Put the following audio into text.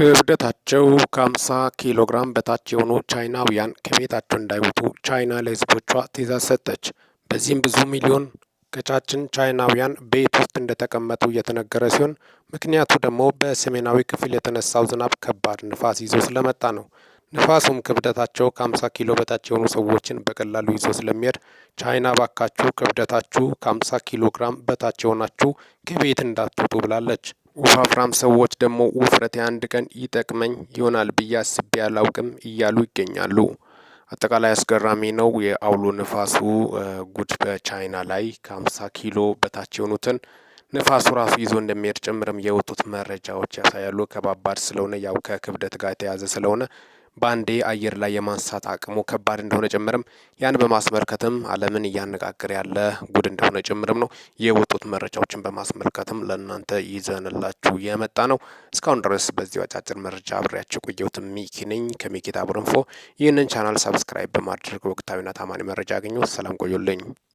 ክብደታቸው ከ50 ኪሎ ግራም በታች የሆኑ ቻይናውያን ከቤታቸው እንዳይወጡ ቻይና ለህዝቦቿ ትእዛዝ ሰጠች። በዚህም ብዙ ሚሊዮን ቀጫጭን ቻይናውያን ቤት ውስጥ እንደተቀመጡ እየተነገረ ሲሆን ምክንያቱ ደግሞ በሰሜናዊ ክፍል የተነሳው ዝናብ ከባድ ንፋስ ይዞ ስለመጣ ነው። ንፋሱም ክብደታቸው ከ50 ኪሎ በታች የሆኑ ሰዎችን በቀላሉ ይዞ ስለሚሄድ ቻይና ባካችሁ ክብደታችሁ ከ50 ኪሎ ግራም በታች የሆናችሁ ከቤት እንዳትወጡ ብላለች። ወፋፍራም ሰዎች ደግሞ ውፍረቴ አንድ ቀን ይጠቅመኝ ይሆናል ብዬ አስቤ አላውቅም እያሉ ይገኛሉ። አጠቃላይ አስገራሚ ነው የአውሎ ንፋሱ ጉድ በቻይና ላይ ከ ኪሎ በታች የሆኑትን ንፋሱ ራሱ ይዞ እንደሚሄድ ጭምርም የወጡት መረጃዎች ያሳያሉ። ከባባድ ስለሆነ ያው ከክብደት ጋር የተያዘ ስለሆነ በአንዴ አየር ላይ የማንሳት አቅሙ ከባድ እንደሆነ ጭምርም ያን በማስመልከትም ዓለምን እያነጋገረ ያለ ጉድ እንደሆነ ጭምርም ነው የወጡት መረጃዎችን በማስመልከትም ለእናንተ ይዘንላችሁ የመጣ ነው። እስካሁን ድረስ በዚህ አጫጭር መረጃ አብሬያቸው ቆየሁት። ሚኪ ነኝ ከሚኪታ ቡርንፎ። ይህንን ቻናል ሰብስክራይብ በማድረግ ወቅታዊና ታማኒ መረጃ ያገኘሁ። ሰላም ቆዩልኝ።